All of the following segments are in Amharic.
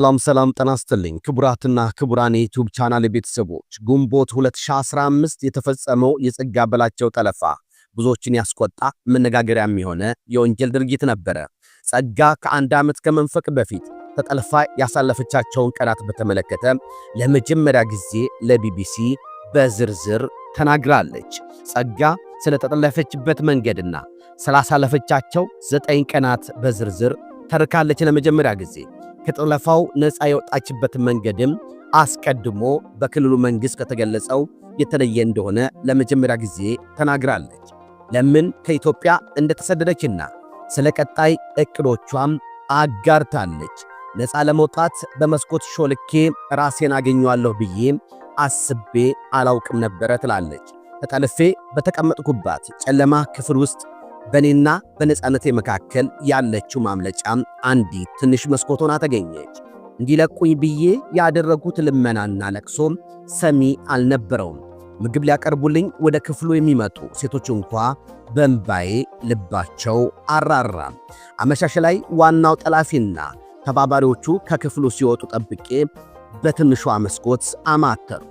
ሰላም ሰላም ጤና ይስጥልኝ ክቡራትና ክቡራን የዩቲዩብ ቻናል ቤተሰቦች፣ ግንቦት 2015 የተፈጸመው የጸጋ በላቸው ጠለፋ ብዙዎችን ያስቆጣ መነጋገሪያም የሆነ የወንጀል ድርጊት ነበረ። ጸጋ ከአንድ ዓመት ከመንፈቅ በፊት ተጠልፋ ያሳለፈቻቸውን ቀናት በተመለከተ ለመጀመሪያ ጊዜ ለቢቢሲ በዝርዝር ተናግራለች። ጸጋ ስለተጠለፈችበት መንገድና ስላሳለፈቻቸው ዘጠኝ ቀናት በዝርዝር ተርካለች ለመጀመሪያ ጊዜ ከጠለፋው ነፃ የወጣችበት መንገድም አስቀድሞ በክልሉ መንግስት ከተገለጸው የተለየ እንደሆነ ለመጀመሪያ ጊዜ ተናግራለች። ለምን ከኢትዮጵያ እንደተሰደደችና ስለ ቀጣይ እቅዶቿም አጋርታለች። ነፃ ለመውጣት በመስኮት ሾልኬ ራሴን አገኘዋለሁ ብዬ አስቤ አላውቅም ነበረ ትላለች። ተጠልፌ በተቀመጥኩባት ጨለማ ክፍል ውስጥ በእኔና በነፃነቴ መካከል ያለችው ማምለጫም አንዲት ትንሽ መስኮት ሆና ተገኘች። እንዲለቁኝ ብዬ ያደረጉት ልመናና ለቅሶም ሰሚ አልነበረውም። ምግብ ሊያቀርቡልኝ ወደ ክፍሉ የሚመጡ ሴቶች እንኳ በእንባዬ ልባቸው አራራ አመሻሽ ላይ ዋናው ጠላፊና ተባባሪዎቹ ከክፍሉ ሲወጡ ጠብቄ በትንሿ መስኮት አማተርኩ።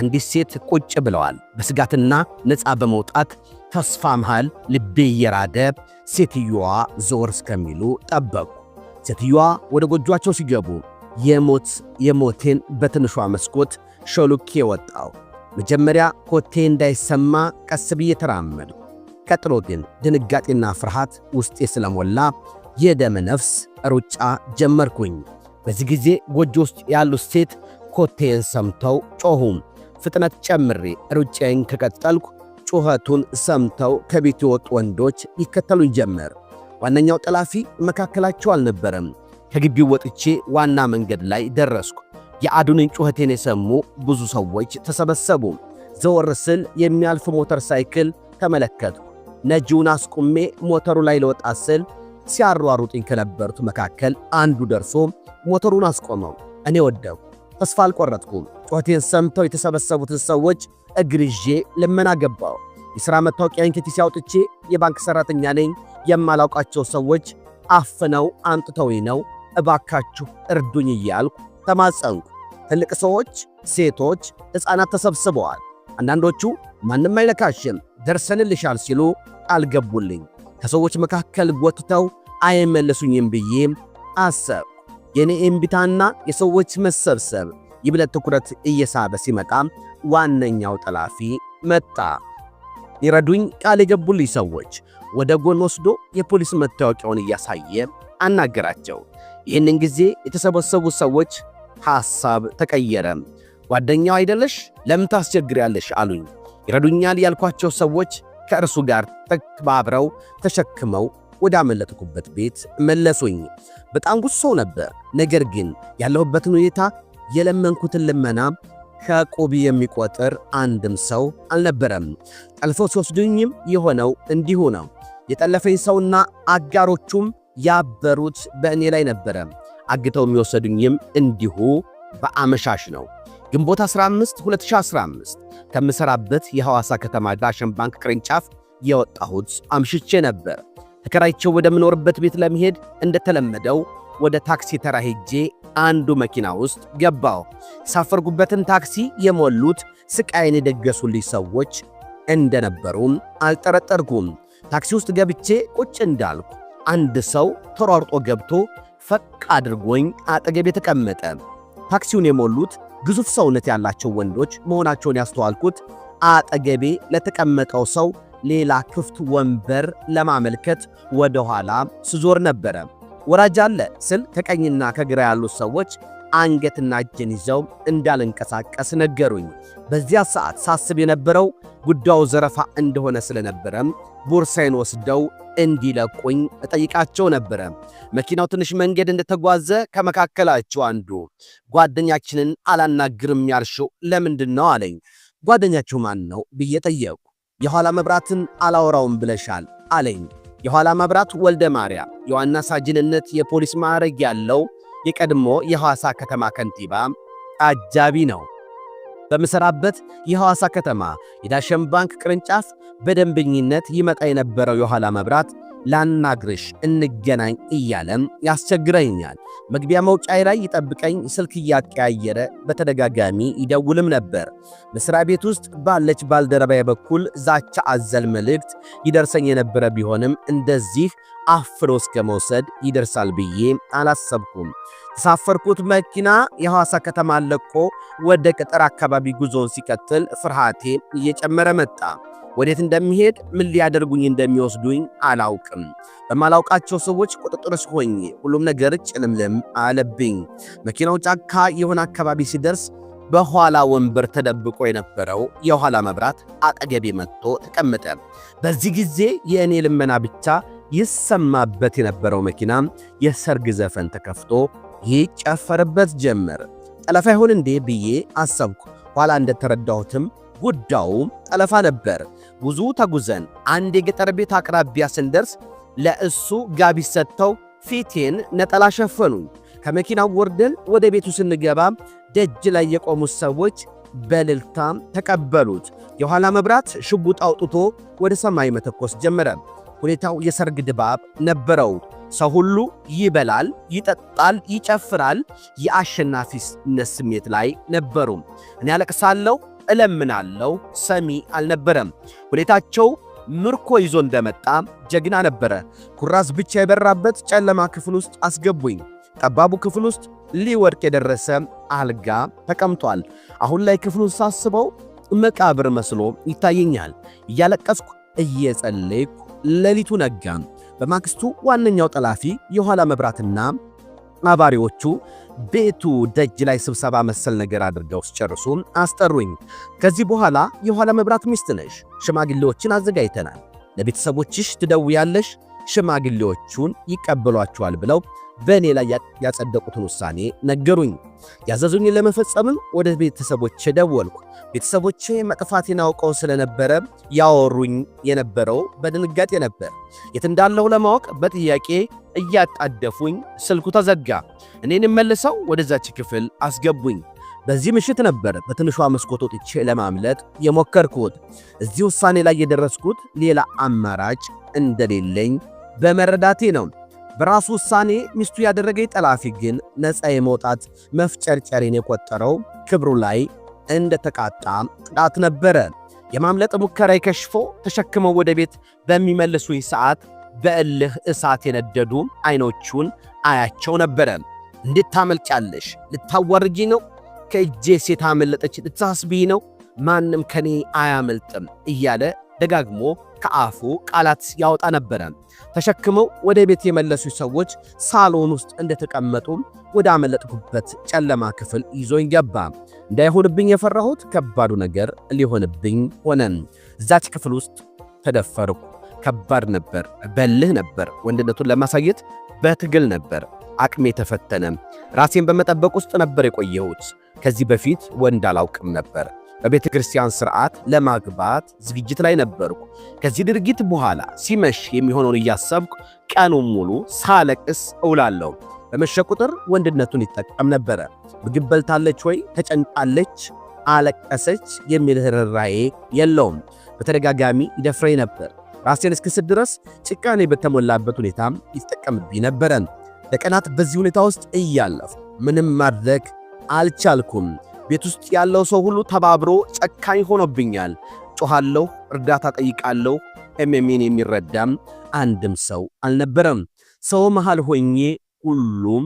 አንዲት ሴት ቁጭ ብለዋል። በስጋትና ነፃ በመውጣት ተስፋ መሃል ልቤ እየራደ ሴትዮዋ ዞር እስከሚሉ ጠበቁ። ሴትዮዋ ወደ ጎጇቸው ሲገቡ የሞት የሞቴን በትንሿ መስኮት ሾልኬ ወጣው። መጀመሪያ ኮቴ እንዳይሰማ ቀስ ብዬ ተራመዱ። ቀጥሎ ግን ድንጋጤና ፍርሃት ውስጤ ስለሞላ የደመ ነፍስ ሩጫ ጀመርኩኝ። በዚህ ጊዜ ጎጆ ውስጥ ያሉት ሴት ኮቴን ሰምተው ጮኹም። ፍጥነት ጨምሬ ሩጫዬን ከቀጠልኩ ጩኸቱን ሰምተው ከቤት የወጡ ወንዶች ይከተሉኝ ጀመር። ዋነኛው ጠላፊ መካከላቸው አልነበረም። ከግቢው ወጥቼ ዋና መንገድ ላይ ደረስኩ። የአዱንን ጩኸቴን የሰሙ ብዙ ሰዎች ተሰበሰቡ። ዘወር ስል የሚያልፍ ሞተር ሳይክል ተመለከትኩ። ነጂውን አስቁሜ ሞተሩ ላይ ለወጣ ስል ሲያሯሩጥኝ ከነበሩት መካከል አንዱ ደርሶ ሞተሩን አስቆመው። እኔ ወደሁ ተስፋ አልቆረጥኩም። ጮቴን ሰምተው የተሰበሰቡትን ሰዎች እግር ይዤ ልመና ገባው። የሥራ መታወቂያን ከኪሴ አውጥቼ የባንክ ሠራተኛ ነኝ፣ የማላውቃቸው ሰዎች አፍነው አንጥተውኝ ነው፣ እባካችሁ እርዱኝ እያልኩ ተማጸንኩ። ትልቅ ሰዎች፣ ሴቶች፣ ሕፃናት ተሰብስበዋል። አንዳንዶቹ ማንም አይነካሽም ደርሰንልሻል ሲሉ ቃል ገቡልኝ። ከሰዎች መካከል ጎትተው አይመለሱኝም ብዬም አሰብ የኔ እምቢታና የሰዎች መሰብሰብ ይብለት ትኩረት እየሳበ ሲመጣ ዋነኛው ጠላፊ መጣ። ይረዱኝ ቃል የገቡልኝ ሰዎች ወደ ጎን ወስዶ የፖሊስ መታወቂያውን እያሳየ አናገራቸው። ይህንን ጊዜ የተሰበሰቡ ሰዎች ሐሳብ ተቀየረ። ጓደኛው አይደለሽ ለምን ታስቸግሪያለሽ? አሉኝ። ይረዱኛል ያልኳቸው ሰዎች ከእርሱ ጋር ተባብረው ተሸክመው ወደ አመለጥኩበት ቤት መለሱኝ። በጣም ጉሶ ነበር። ነገር ግን ያለሁበትን ሁኔታ የለመንኩትን ልመና ከቁቢ የሚቆጥር አንድም ሰው አልነበረም። ጠልፎ ሲወስዱኝም የሆነው እንዲሁ ነው። የጠለፈኝ ሰውና አጋሮቹም ያበሩት በእኔ ላይ ነበረ። አግተው የሚወሰዱኝም እንዲሁ በአመሻሽ ነው። ግንቦት 15 2015 ከምሠራበት የሐዋሳ ከተማ ዳሸን ባንክ ቅርንጫፍ የወጣሁት አምሽቼ ነበር። ተከራይቸው ወደምኖርበት ቤት ለመሄድ እንደተለመደው ወደ ታክሲ ተራ ሄጄ አንዱ መኪና ውስጥ ገባው። የሳፈርኩበትን ታክሲ የሞሉት ስቃይን የደገሱልኝ ሰዎች እንደነበሩም አልጠረጠርኩም። ታክሲ ውስጥ ገብቼ ቁጭ እንዳልኩ አንድ ሰው ተሯርጦ ገብቶ ፈቅ አድርጎኝ አጠገቤ ተቀመጠ። ታክሲውን የሞሉት ግዙፍ ሰውነት ያላቸው ወንዶች መሆናቸውን ያስተዋልኩት አጠገቤ ለተቀመጠው ሰው ሌላ ክፍት ወንበር ለማመልከት ወደኋላ ስዞር ነበረ። ወራጅ አለ ስል ከቀኝና ከግራ ያሉት ሰዎች አንገትና እጄን ይዘው እንዳልንቀሳቀስ ነገሩኝ። በዚያ ሰዓት ሳስብ የነበረው ጉዳዩ ዘረፋ እንደሆነ ስለነበረም ቦርሳይን ወስደው እንዲለቁኝ እጠይቃቸው ነበረ። መኪናው ትንሽ መንገድ እንደተጓዘ ከመካከላቸው አንዱ ጓደኛችንን አላናግርም ያልሽው ለምንድን ነው አለኝ። ጓደኛችሁ ማን ነው ብዬ የኋላ መብራትን አላወራውም ብለሻል አለኝ። የኋላ መብራት ወልደ ማርያም የዋና ሳጅንነት የፖሊስ ማዕረግ ያለው የቀድሞ የሐዋሳ ከተማ ከንቲባ አጃቢ ነው። በምሰራበት የሐዋሳ ከተማ የዳሸን ባንክ ቅርንጫፍ በደንበኝነት ይመጣ የነበረው የኋላ መብራት ላናግርሽ እንገናኝ እያለም ያስቸግረኛል። መግቢያ መውጫዬ ላይ ይጠብቀኝ ስልክ እያቀያየረ በተደጋጋሚ ይደውልም ነበር። መስሪያ ቤት ውስጥ ባለች ባልደረባዬ በኩል ዛቻ አዘል መልእክት ይደርሰኝ የነበረ ቢሆንም እንደዚህ አፍሮ እስከ መውሰድ ይደርሳል ብዬ አላሰብኩም። ተሳፈርኩት መኪና የሐዋሳ ከተማ ለቆ ወደ ቅጥር አካባቢ ጉዞን ሲቀጥል ፍርሃቴ እየጨመረ መጣ። ወዴት እንደሚሄድ ምን ሊያደርጉኝ እንደሚወስዱኝ አላውቅም። በማላውቃቸው ሰዎች ቁጥጥር ስር ሆኜ ሁሉም ነገር ጭልምልም አለብኝ። መኪናው ጫካ የሆነ አካባቢ ሲደርስ በኋላ ወንበር ተደብቆ የነበረው የኋላ መብራት አጠገቤ መጥቶ ተቀመጠ። በዚህ ጊዜ የእኔ ልመና ብቻ ይሰማበት የነበረው መኪና የሰርግ ዘፈን ተከፍቶ ይጨፈርበት ጀመር። ጠለፋ ይሁን እንዴ ብዬ አሰብኩ። ኋላ እንደተረዳሁትም ጉዳዩ ጠለፋ ነበር። ብዙ ተጉዘን አንድ የገጠር ቤት አቅራቢያ ስንደርስ ለእሱ ጋቢ ሰጥተው ፊቴን ነጠላ ሸፈኑኝ። ከመኪናው ወርደን ወደ ቤቱ ስንገባ ደጅ ላይ የቆሙት ሰዎች በልልታ ተቀበሉት። የኋላ መብራት ሽጉጥ አውጥቶ ወደ ሰማይ መተኮስ ጀመረ። ሁኔታው የሰርግ ድባብ ነበረው። ሰው ሁሉ ይበላል፣ ይጠጣል፣ ይጨፍራል። የአሸናፊነት ስሜት ላይ ነበሩ። እኔ አለቅሳለሁ፣ እለምናለሁ ሰሚ አልነበረም። ሁኔታቸው ምርኮ ይዞ እንደመጣ ጀግና ነበረ። ኩራዝ ብቻ የበራበት ጨለማ ክፍል ውስጥ አስገቡኝ። ጠባቡ ክፍል ውስጥ ሊወድቅ የደረሰ አልጋ ተቀምጧል። አሁን ላይ ክፍሉን ሳስበው መቃብር መስሎ ይታየኛል። እያለቀስኩ እየጸለይኩ ሌሊቱ ነጋ። በማግስቱ ዋነኛው ጠላፊ የኋላ መብራትና አባሪዎቹ ቤቱ ደጅ ላይ ስብሰባ መሰል ነገር አድርገው ሲጨርሱ አስጠሩኝ። ከዚህ በኋላ የኋላ መብራት ሚስት ነሽ፣ ሽማግሌዎችን አዘጋጅተናል፣ ለቤተሰቦችሽ ትደውያለሽ፣ ሽማግሌዎቹን ይቀበሏቸዋል ብለው በእኔ ላይ ያጸደቁትን ውሳኔ ነገሩኝ። ያዘዙኝን ለመፈጸምም ወደ ቤተሰቦቼ ደወልኩ። ቤተሰቦቼ መጥፋቴን አውቀው ስለነበረ ያወሩኝ የነበረው በድንጋጤ ነበር። የት እንዳለው ለማወቅ በጥያቄ እያጣደፉኝ ስልኩ ተዘጋ። እኔንም መልሰው ወደዛች ክፍል አስገቡኝ። በዚህ ምሽት ነበር በትንሿ መስኮት ወጥቼ ለማምለጥ የሞከርኩት። እዚህ ውሳኔ ላይ የደረስኩት ሌላ አማራጭ እንደሌለኝ በመረዳቴ ነው። በራሱ ውሳኔ ሚስቱ ያደረገ ጠላፊ ግን ነፃ የመውጣት መፍጨርጨሪን የቆጠረው ክብሩ ላይ እንደተቃጣ ቅጣት ነበረ። የማምለጥ ሙከራ ከሽፎ ተሸክመው ወደ ቤት በሚመልሱኝ ሰዓት በእልህ እሳት የነደዱ አይኖቹን አያቸው ነበረ። እንድታመልጫለሽ ታመልጫለሽ? ልታዋርጂ ነው? ከእጄ ሴት አመለጠች ልታስብይ ነው? ማንም ከኔ አያመልጥም እያለ ደጋግሞ ከአፉ ቃላት ያወጣ ነበረ። ተሸክመው ወደ ቤት የመለሱ ሰዎች ሳሎን ውስጥ እንደተቀመጡ ወደ አመለጥኩበት ጨለማ ክፍል ይዞኝ ገባ። እንዳይሆንብኝ የፈራሁት ከባዱ ነገር ሊሆንብኝ ሆነ። እዛች ክፍል ውስጥ ተደፈርኩ። ከባድ ነበር። በልህ ነበር። ወንድነቱን ለማሳየት በትግል ነበር። አቅሜ ተፈተነ። ራሴን በመጠበቅ ውስጥ ነበር የቆየሁት። ከዚህ በፊት ወንድ አላውቅም ነበር። በቤተ ክርስቲያን ስርዓት ለማግባት ዝግጅት ላይ ነበርኩ። ከዚህ ድርጊት በኋላ ሲመሽ የሚሆነውን እያሰብኩ ቀኑን ሙሉ ሳለቅስ እውላለሁ። በመሸ ቁጥር ወንድነቱን ይጠቀም ነበረ። ምግብ በልታለች ወይ፣ ተጨንቃለች፣ አለቀሰች የሚል ርኅራኄ የለውም። በተደጋጋሚ ይደፍረኝ ነበር። ራሴን እስክስት ድረስ ጭካኔ በተሞላበት ሁኔታ ይጠቀምብኝ ነበረን። ለቀናት በዚህ ሁኔታ ውስጥ እያለፍ ምንም ማድረግ አልቻልኩም። ቤት ውስጥ ያለው ሰው ሁሉ ተባብሮ ጨካኝ ሆኖብኛል። ጮሃለሁ እርዳታ ጠይቃለሁ። ኤምኤምን የሚረዳም አንድም ሰው አልነበረም። ሰው መሃል ሆኜ ሁሉም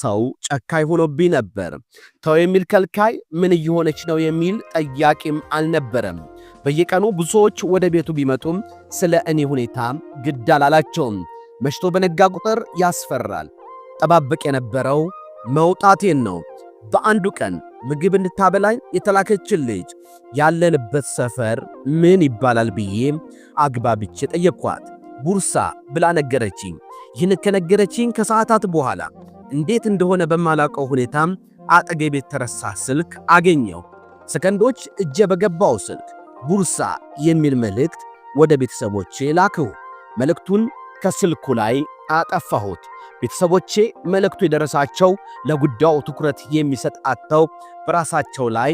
ሰው ጨካኝ ሆኖብኝ ነበር። ተው የሚል ከልካይ፣ ምን እየሆነች ነው የሚል ጠያቂም አልነበረም። በየቀኑ ብዙ ሰዎች ወደ ቤቱ ቢመጡም ስለ እኔ ሁኔታ ግድ አላላቸውም። መሽቶ በነጋ ቁጥር ያስፈራል። ጠባብቅ የነበረው መውጣቴን ነው። በአንዱ ቀን ምግብ እንድታበላኝ የተላከችን ልጅ ያለንበት ሰፈር ምን ይባላል ብዬ አግባብቼ ጠየቅኳት። ቡርሳ ብላ ነገረችኝ። ይህን ከነገረችኝ ከሰዓታት በኋላ እንዴት እንደሆነ በማላውቀው ሁኔታም አጠገቤ የተረሳ ስልክ አገኘሁ። ሰከንዶች እጄ በገባው ስልክ ቡርሳ የሚል መልእክት ወደ ቤተሰቦቼ ላክሁ። መልእክቱን ከስልኩ ላይ አጠፋሁት። ቤተሰቦቼ መልእክቱ የደረሳቸው ለጉዳዩ ትኩረት የሚሰጥ አጥተው በራሳቸው ላይ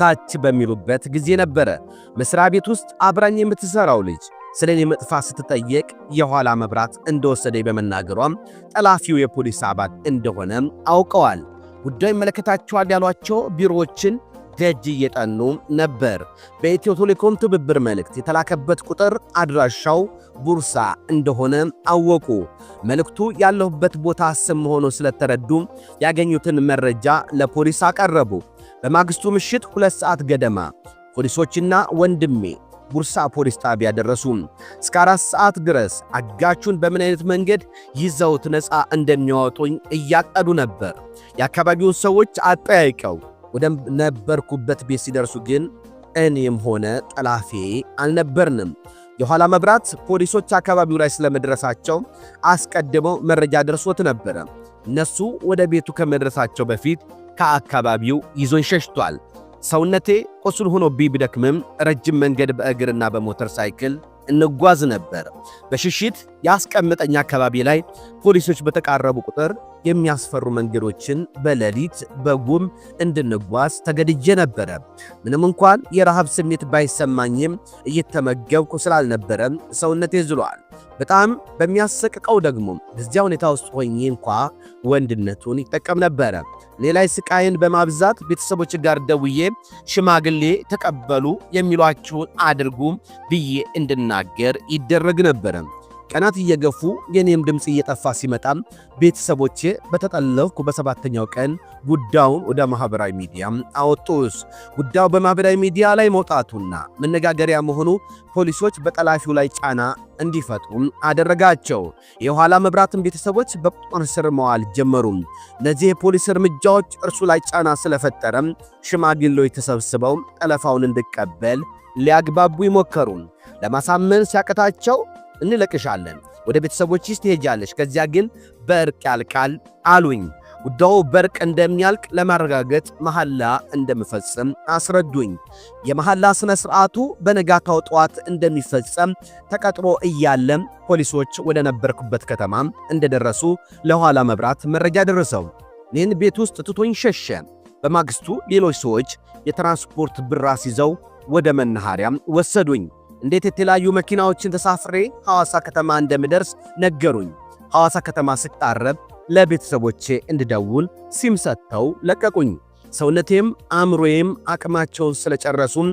ታች በሚሉበት ጊዜ ነበረ። መስሪያ ቤት ውስጥ አብራኝ የምትሰራው ልጅ ስለ እኔ መጥፋት ስትጠየቅ የኋላ መብራት እንደወሰደ በመናገሯም ጠላፊው የፖሊስ አባል እንደሆነ አውቀዋል። ጉዳዩ ይመለከታቸዋል ያሏቸው ቢሮዎችን ደጅ እየጠኑ ነበር። በኢትዮ ቴሌኮም ትብብር መልእክት የተላከበት ቁጥር አድራሻው ቡርሳ እንደሆነ አወቁ። መልእክቱ ያለሁበት ቦታ ስም ሆኖ ስለተረዱ ያገኙትን መረጃ ለፖሊስ አቀረቡ። በማግስቱ ምሽት ሁለት ሰዓት ገደማ ፖሊሶችና ወንድሜ ቡርሳ ፖሊስ ጣቢያ ደረሱ። እስከ አራት ሰዓት ድረስ አጋቹን በምን አይነት መንገድ ይዘውት ነፃ እንደሚያወጡኝ እያቀዱ ነበር። የአካባቢውን ሰዎች አጠያይቀው ወደ ነበርኩበት ቤት ሲደርሱ ግን እኔም ሆነ ጠላፌ አልነበርንም። የኋላ መብራት ፖሊሶች አካባቢው ላይ ስለመድረሳቸው አስቀድመው መረጃ ደርሶት ነበረ። እነሱ ወደ ቤቱ ከመድረሳቸው በፊት ከአካባቢው ይዞኝ ሸሽቷል። ሰውነቴ ቁስል ሆኖ ቢደክምም ረጅም መንገድ በእግርና በሞተር ሳይክል እንጓዝ ነበር። በሽሽት ያስቀመጠኝ አካባቢ ላይ ፖሊሶች በተቃረቡ ቁጥር የሚያስፈሩ መንገዶችን በሌሊት በጉም እንድንጓዝ ተገድጄ ነበረ። ምንም እንኳን የረሃብ ስሜት ባይሰማኝም እየተመገብኩ ስላልነበረ ሰውነት ዝሏል። በጣም በሚያሰቅቀው ደግሞ በዚያ ሁኔታ ውስጥ ሆኜ እንኳ ወንድነቱን ይጠቀም ነበረ። ሌላይ ስቃይን በማብዛት ቤተሰቦች ጋር ደውዬ ሽማግሌ ተቀበሉ የሚሏችሁን አድርጉ ብዬ እንድናገር ይደረግ ነበረ። ቀናት እየገፉ የኔም ድምፅ እየጠፋ ሲመጣም ቤተሰቦቼ በተጠለፍኩ በሰባተኛው ቀን ጉዳዩን ወደ ማኅበራዊ ሚዲያ አወጡስ። ጉዳዩ በማኅበራዊ ሚዲያ ላይ መውጣቱና መነጋገሪያ መሆኑ ፖሊሶች በጠላፊው ላይ ጫና እንዲፈጥሩም አደረጋቸው። የኋላ መብራትን ቤተሰቦች በቁጥጥር ስር መዋል ጀመሩ። እነዚህ የፖሊስ እርምጃዎች እርሱ ላይ ጫና ስለፈጠረም ሽማግሌዎች ተሰብስበው ጠለፋውን እንዲቀበል ሊያግባቡ ይሞከሩ። ለማሳመን ሲያቀታቸው እንለቅሻለን፣ ወደ ቤተሰቦችሽ ትሄጃለሽ፣ ከዚያ ግን በእርቅ ያልቃል አሉኝ። ጉዳዩ በእርቅ እንደሚያልቅ ለማረጋገጥ መሐላ እንደምፈጽም አስረዱኝ። የመሐላ ሥነ ሥርዓቱ በነጋታው ጠዋት እንደሚፈጸም ተቀጥሮ እያለም ፖሊሶች ወደ ነበርኩበት ከተማም እንደደረሱ ለኋላ መብራት መረጃ ደረሰው። ይህን ቤት ውስጥ ትቶኝ ሸሸ። በማግስቱ ሌሎች ሰዎች የትራንስፖርት ብር አስይዘው ወደ መናኸሪያም ወሰዱኝ። እንዴት የተለያዩ መኪናዎችን ተሳፍሬ ሐዋሳ ከተማ እንደምደርስ ነገሩኝ። ሐዋሳ ከተማ ስቃረብ ለቤተሰቦቼ እንድደውል ሲም ሰጥተው ለቀቁኝ። ሰውነቴም አእምሮዬም አቅማቸውን ስለጨረሱም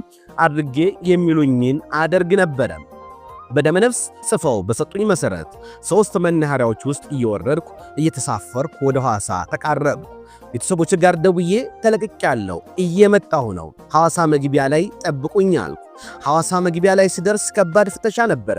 አድርጌ የሚሉኝን አደርግ ነበረ። በደመነፍስ ጽፈው በሰጡኝ መሠረት ሦስት መናኸሪያዎች ውስጥ እየወረድኩ እየተሳፈርኩ ወደ ሐዋሳ ተቃረብ ቤተሰቦች ጋር ደውዬ ተለቅቄያለሁ፣ እየመጣሁ ነው፣ ሐዋሳ መግቢያ ላይ ጠብቁኝ አልኩ። ሐዋሳ መግቢያ ላይ ሲደርስ ከባድ ፍተሻ ነበረ።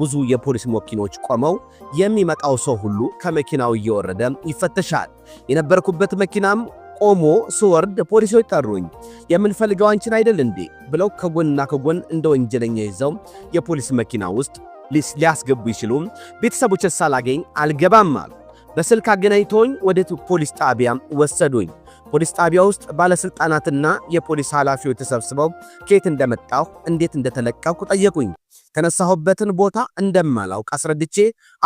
ብዙ የፖሊስ መኪኖች ቆመው የሚመጣው ሰው ሁሉ ከመኪናው እየወረደ ይፈተሻል። የነበርኩበት መኪናም ቆሞ ስወርድ ፖሊሶች ጠሩኝ። የምንፈልገው አንቺን አይደል እንዴ ብለው ከጎንና ከጎን እንደ ወንጀለኛ ይዘው የፖሊስ መኪና ውስጥ ሊያስገቡ ይችሉም። ቤተሰቦች ሳላገኝ አልገባም አሉ። በስልክ አገናኝቶኝ ወደ ፖሊስ ጣቢያ ወሰዱኝ። ፖሊስ ጣቢያ ውስጥ ባለስልጣናትና የፖሊስ ኃላፊዎች ተሰብስበው ከየት እንደመጣሁ እንዴት እንደተለቀቅኩ ጠየቁኝ። ተነሳሁበትን ቦታ እንደማላውቅ አስረድቼ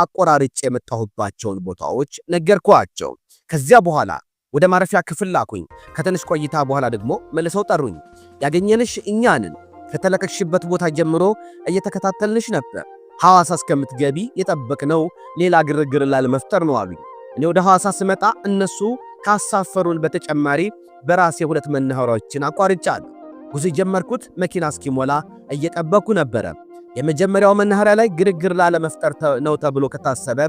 አቆራርጬ የመጣሁባቸውን ቦታዎች ነገርኳቸው። ከዚያ በኋላ ወደ ማረፊያ ክፍል ላኩኝ። ከትንሽ ቆይታ በኋላ ደግሞ መልሰው ጠሩኝ። ያገኘንሽ እኛንን ነን። ከተለቀቅሽበት ቦታ ጀምሮ እየተከታተልንሽ ነበር። ሐዋሳ እስከምትገቢ የጠበቅነው ሌላ ግርግር ላለመፍጠር ነው አሉኝ። እኔ ወደ ሐዋሳ ስመጣ እነሱ ካሳፈሩን በተጨማሪ በራሴ ሁለት መናኸሪያዎችን አቋርጫለሁ። ጉዞ የጀመርኩት መኪና እስኪሞላ እየጠበኩ ነበረ። የመጀመሪያው መናኸሪያ ላይ ግርግር ላለመፍጠር ነው ተብሎ ከታሰበ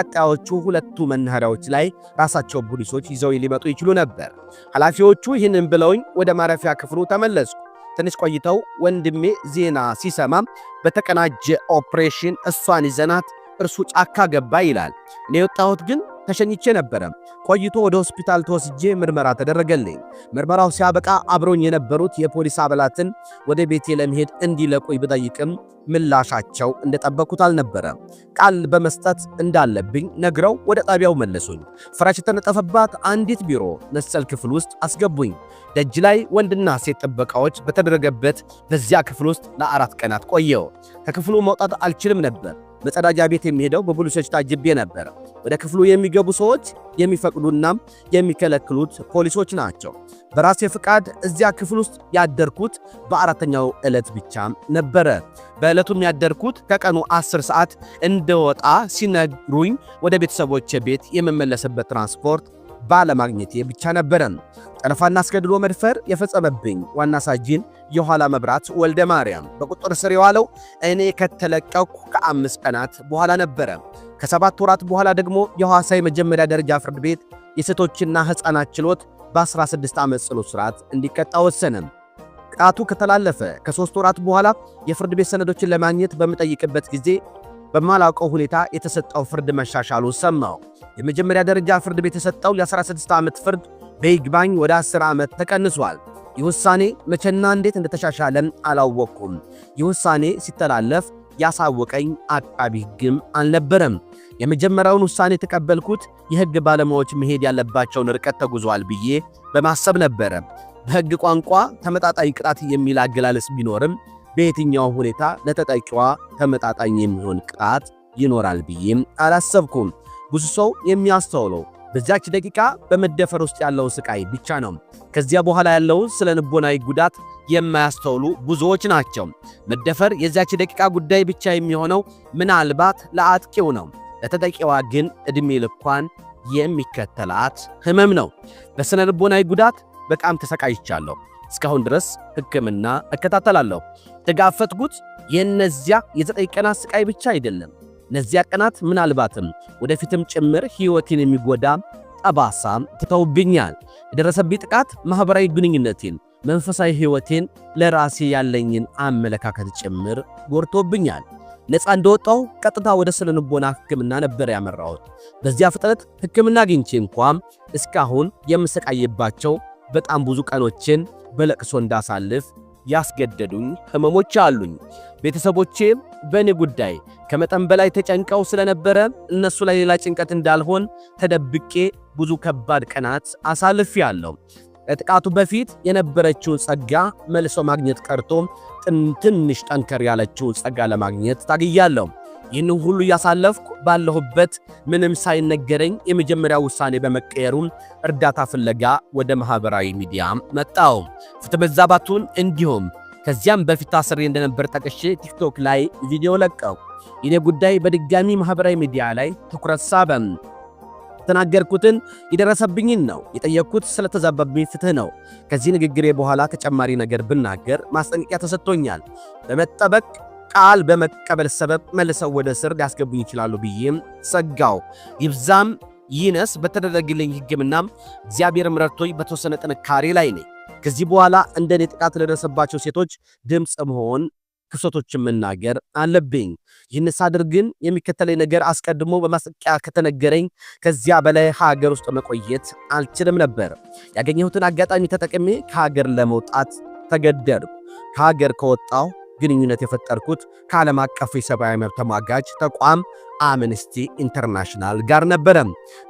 ቀጣዮቹ ሁለቱ መናኸሪያዎች ላይ ራሳቸው ፖሊሶች ይዘው ሊመጡ ይችሉ ነበር። ኃላፊዎቹ ይህንን ብለውኝ ወደ ማረፊያ ክፍሉ ተመለሱ። ትንሽ ቆይተው ወንድሜ ዜና ሲሰማ በተቀናጀ ኦፕሬሽን እሷን ይዘናት እርሱ ጫካ ገባ ይላል። እኔ የወጣሁት ግን ተሸኝቼ ነበረ። ቆይቶ ወደ ሆስፒታል ተወስጄ ምርመራ ተደረገልኝ። ምርመራው ሲያበቃ አብሮኝ የነበሩት የፖሊስ አባላትን ወደ ቤቴ ለመሄድ እንዲለቁኝ ብጠይቅም ምላሻቸው እንደጠበቁት አልነበረ። ቃል በመስጠት እንዳለብኝ ነግረው ወደ ጣቢያው መለሱኝ። ፍራሽ የተነጠፈባት አንዲት ቢሮ መሰል ክፍል ውስጥ አስገቡኝ። ደጅ ላይ ወንድና ሴት ጥበቃዎች በተደረገበት በዚያ ክፍል ውስጥ ለአራት ቀናት ቆየው። ከክፍሉ መውጣት አልችልም ነበር። መጸዳጃ ቤት የሚሄደው በፖሊሶች ታጅቤ ነበረ። ወደ ክፍሉ የሚገቡ ሰዎች የሚፈቅዱና የሚከለክሉት ፖሊሶች ናቸው። በራሴ ፍቃድ እዚያ ክፍል ውስጥ ያደርኩት በአራተኛው ዕለት ብቻ ነበረ። በዕለቱም ያደርኩት ከቀኑ 10 ሰዓት እንደወጣ ሲነግሩኝ ወደ ቤተሰቦች ቤት የምመለስበት ትራንስፖርት ባለማግኘቴ ብቻ ነበረ። ጠለፋና አስገድዶ መድፈር የፈጸመብኝ ዋና ሳጅን የኋላ መብራት ወልደ ማርያም በቁጥር ስር የዋለው እኔ ከተለቀኩ ከአምስት ቀናት በኋላ ነበረ። ከሰባት ወራት በኋላ ደግሞ የሐዋሳ የመጀመሪያ ደረጃ ፍርድ ቤት የሴቶችና ሕፃናት ችሎት በ16 ዓመት ጽኑ እስራት እንዲቀጣ ወሰነ። ቅጣቱ ከተላለፈ ከሦስት ወራት በኋላ የፍርድ ቤት ሰነዶችን ለማግኘት በምጠይቅበት ጊዜ በማላውቀው ሁኔታ የተሰጠው ፍርድ መሻሻሉ ሰማው። የመጀመሪያ ደረጃ ፍርድ ቤት የሰጠው የ16 ዓመት ፍርድ በይግባኝ ወደ 10 ዓመት ተቀንሷል። ይህ ውሳኔ መቼና እንዴት እንደተሻሻለም አላወቅኩም። ይህ ውሳኔ ሲተላለፍ ያሳወቀኝ አቃቢ ሕግም አልነበረም። የመጀመሪያውን ውሳኔ የተቀበልኩት የሕግ ባለሙያዎች መሄድ ያለባቸውን ርቀት ተጉዟል ብዬ በማሰብ ነበረ። በሕግ ቋንቋ ተመጣጣኝ ቅጣት የሚል አገላለጽ ቢኖርም በየትኛው ሁኔታ ለተጠቂዋ ተመጣጣኝ የሚሆን ቅጣት ይኖራል ብዬም አላሰብኩም። ብዙ ሰው የሚያስተውለው በዚያች ደቂቃ በመደፈር ውስጥ ያለው ስቃይ ብቻ ነው። ከዚያ በኋላ ያለው ስለ ልቦናዊ ጉዳት የማያስተውሉ ብዙዎች ናቸው። መደፈር የዚያች ደቂቃ ጉዳይ ብቻ የሚሆነው ምናልባት ለአጥቂው ነው። ለተጠቂዋ ግን ዕድሜ ልኳን የሚከተላት ህመም ነው። በስነ ልቦናዊ ጉዳት በጣም ተሰቃይቻለሁ። እስካሁን ድረስ ሕክምና እከታተላለሁ። ተጋፈጥኩት የእነዚያ የዘጠኝ ቀናት ስቃይ ብቻ አይደለም እነዚያ ቀናት ምናልባትም ወደፊትም ጭምር ሕይወቴን የሚጎዳ ጠባሳ ትተውብኛል። የደረሰብኝ ጥቃት ማኅበራዊ ግንኙነቴን፣ መንፈሳዊ ሕይወቴን፣ ለራሴ ያለኝን አመለካከት ጭምር ጎድቶብኛል። ነፃ እንደወጣው ቀጥታ ወደ ስነልቦና ሕክምና ነበር ያመራሁት። በዚያ ፍጥነት ሕክምና አግኝቼ እንኳም እስካሁን የምሰቃይባቸው በጣም ብዙ ቀኖችን በለቅሶ እንዳሳልፍ ያስገደዱኝ ህመሞች አሉኝ። ቤተሰቦቼ በእኔ ጉዳይ ከመጠን በላይ ተጨንቀው ስለነበረ እነሱ ላይ ሌላ ጭንቀት እንዳልሆን ተደብቄ ብዙ ከባድ ቀናት አሳልፌያለሁ። ከጥቃቱ በፊት የነበረችውን ጸጋ መልሶ ማግኘት ቀርቶ ትንሽ ጠንከር ያለችውን ጸጋ ለማግኘት ታግያለሁ። ይህንን ሁሉ እያሳለፍኩ ባለሁበት ምንም ሳይነገረኝ የመጀመሪያ ውሳኔ በመቀየሩም እርዳታ ፍለጋ ወደ ማህበራዊ ሚዲያ መጣው። ፍትህ እንዲሁም ከዚያም በፊት አስሬ እንደነበር ጠቅሼ ቲክቶክ ላይ ቪዲዮ ለቀው ይኔ ጉዳይ በድጋሚ ማህበራዊ ሚዲያ ላይ ትኩረት ሳበም። የተናገርኩትን የደረሰብኝን ነው የጠየቅኩት። ስለተዛባብኝ ፍትህ ነው። ከዚህ ንግግሬ በኋላ ተጨማሪ ነገር ብናገር ማስጠንቀቂያ ተሰጥቶኛል። በመጠበቅ ቃል በመቀበል ሰበብ መልሰው ወደ እስር ሊያስገቡኝ ይችላሉ ብዬም ሰጋው። ይብዛም ይነስ በተደረግልኝ ሕግምና እግዚአብሔር ምረድቶኝ በተወሰነ ጥንካሬ ላይ ነኝ። ከዚህ በኋላ እንደ እኔ ጥቃት ለደረሰባቸው ሴቶች ድምፅ መሆን ክሶቶችን መናገር አለብኝ። ይህን ሳድርግን የሚከተለኝ ነገር አስቀድሞ በማስጠንቀቂያ ከተነገረኝ ከዚያ በላይ ሀገር ውስጥ መቆየት አልችልም ነበር። ያገኘሁትን አጋጣሚ ተጠቅሜ ከሀገር ለመውጣት ተገደድኩ። ከሀገር ከወጣሁ ግንኙነት የፈጠርኩት ከዓለም አቀፍ የሰብአዊ መብት ተሟጋጅ ተቋም አምነስቲ ኢንተርናሽናል ጋር ነበረ።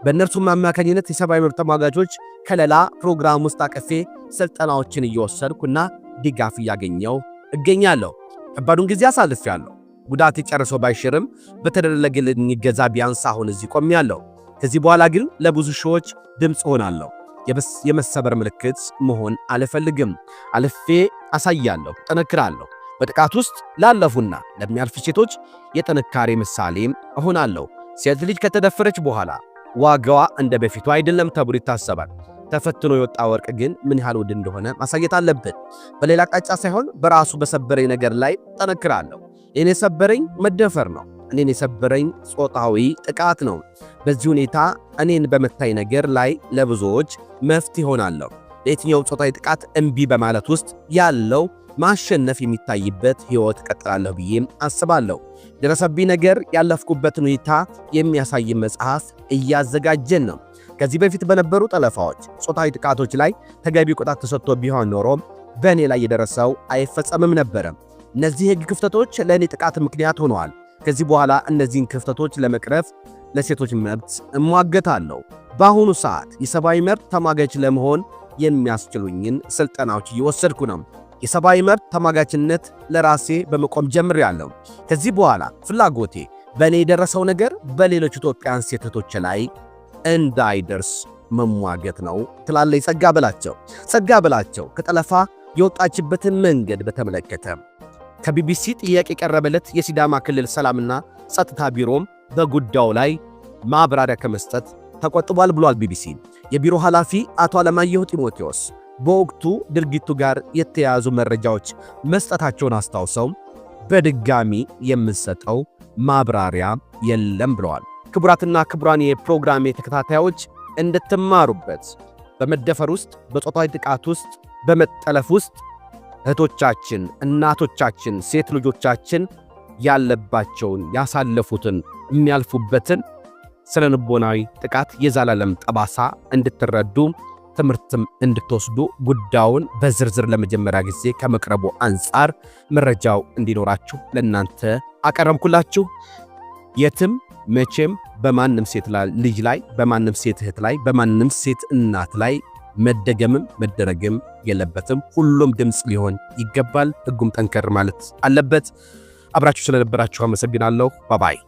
በእነርሱም አማካኝነት የሰብአዊ መብት ተሟጋጆች ከለላ ፕሮግራም ውስጥ አቀፌ ስልጠናዎችን እየወሰድኩና ድጋፍ እያገኘው እገኛለሁ። ከባዱን ጊዜ አሳልፌያለሁ። ጉዳት የጨርሰው ባይሽርም በተደረገልኝ እገዛ ቢያንስ አሁን እዚህ ቆሜያለሁ። ከዚህ በኋላ ግን ለብዙ ሺዎች ድምፅ ሆናለሁ። የመሰበር ምልክት መሆን አልፈልግም። አልፌ አሳያለሁ፣ ጠነክራለሁ። በጥቃት ውስጥ ላለፉና ለሚያልፉ ሴቶች የጥንካሬ ምሳሌም እሆናለሁ። ሴት ልጅ ከተደፈረች በኋላ ዋጋዋ እንደ በፊቱ አይደለም ተብሎ ይታሰባል። ተፈትኖ የወጣ ወርቅ ግን ምን ያህል ውድ እንደሆነ ማሳየት አለብን። በሌላ አቅጣጫ ሳይሆን በራሱ በሰበረኝ ነገር ላይ ጠነክራለሁ። እኔን የሰበረኝ መደፈር ነው። እኔን የሰበረኝ ጾታዊ ጥቃት ነው። በዚህ ሁኔታ እኔን በመታኝ ነገር ላይ ለብዙዎች መፍት ይሆናለሁ። ለየትኛው ጾታዊ ጥቃት እምቢ በማለት ውስጥ ያለው ማሸነፍ የሚታይበት ህይወት ቀጥላለሁ ብዬም አስባለሁ። ደረሰብኝ ነገር ያለፍኩበትን ሁኔታ የሚያሳይ መጽሐፍ እያዘጋጀን ነው። ከዚህ በፊት በነበሩ ጠለፋዎች፣ ጾታዊ ጥቃቶች ላይ ተገቢ ቁጣት ተሰጥቶ ቢሆን ኖሮ በእኔ ላይ የደረሰው አይፈጸምም ነበረም። እነዚህ የህግ ክፍተቶች ለእኔ ጥቃት ምክንያት ሆነዋል። ከዚህ በኋላ እነዚህን ክፍተቶች ለመቅረፍ ለሴቶች መብት እሟገታለሁ። በአሁኑ ሰዓት የሰብአዊ መብት ተሟጋች ለመሆን የሚያስችሉኝን ስልጠናዎች እየወሰድኩ ነው። የሰብአዊ መብት ተሟጋችነት ለራሴ በመቆም ጀምሬያለሁ። ከዚህ በኋላ ፍላጎቴ በእኔ የደረሰው ነገር በሌሎች ኢትዮጵያን ሴቶች ላይ እንዳይደርስ መሟገት ነው ትላለች ጸጋ በላቸው። ጸጋ በላቸው ከጠለፋ የወጣችበትን መንገድ በተመለከተ ከቢቢሲ ጥያቄ የቀረበለት የሲዳማ ክልል ሰላምና ጸጥታ ቢሮም በጉዳዩ ላይ ማብራሪያ ከመስጠት ተቆጥቧል ብሏል ቢቢሲ። የቢሮ ኃላፊ አቶ አለማየሁ ጢሞቴዎስ በወቅቱ ድርጊቱ ጋር የተያያዙ መረጃዎች መስጠታቸውን አስታውሰው በድጋሚ የምሰጠው ማብራሪያ የለም ብለዋል። ክቡራትና ክቡራን የፕሮግራሜ ተከታታዮች እንድትማሩበት በመደፈር ውስጥ፣ በጾታዊ ጥቃት ውስጥ፣ በመጠለፍ ውስጥ እህቶቻችን፣ እናቶቻችን፣ ሴት ልጆቻችን ያለባቸውን ያሳለፉትን የሚያልፉበትን ስነ ልቦናዊ ጥቃት የዘላለም ጠባሳ እንድትረዱ ትምህርትም እንድትወስዱ ጉዳዩን በዝርዝር ለመጀመሪያ ጊዜ ከመቅረቡ አንጻር መረጃው እንዲኖራችሁ ለእናንተ አቀረብኩላችሁ። የትም መቼም በማንም ሴት ልጅ ላይ በማንም ሴት እህት ላይ በማንም ሴት እናት ላይ መደገምም መደረግም የለበትም። ሁሉም ድምፅ ሊሆን ይገባል። ሕጉም ጠንከር ማለት አለበት። አብራችሁ ስለነበራችሁ አመሰግናለሁ። ባባይ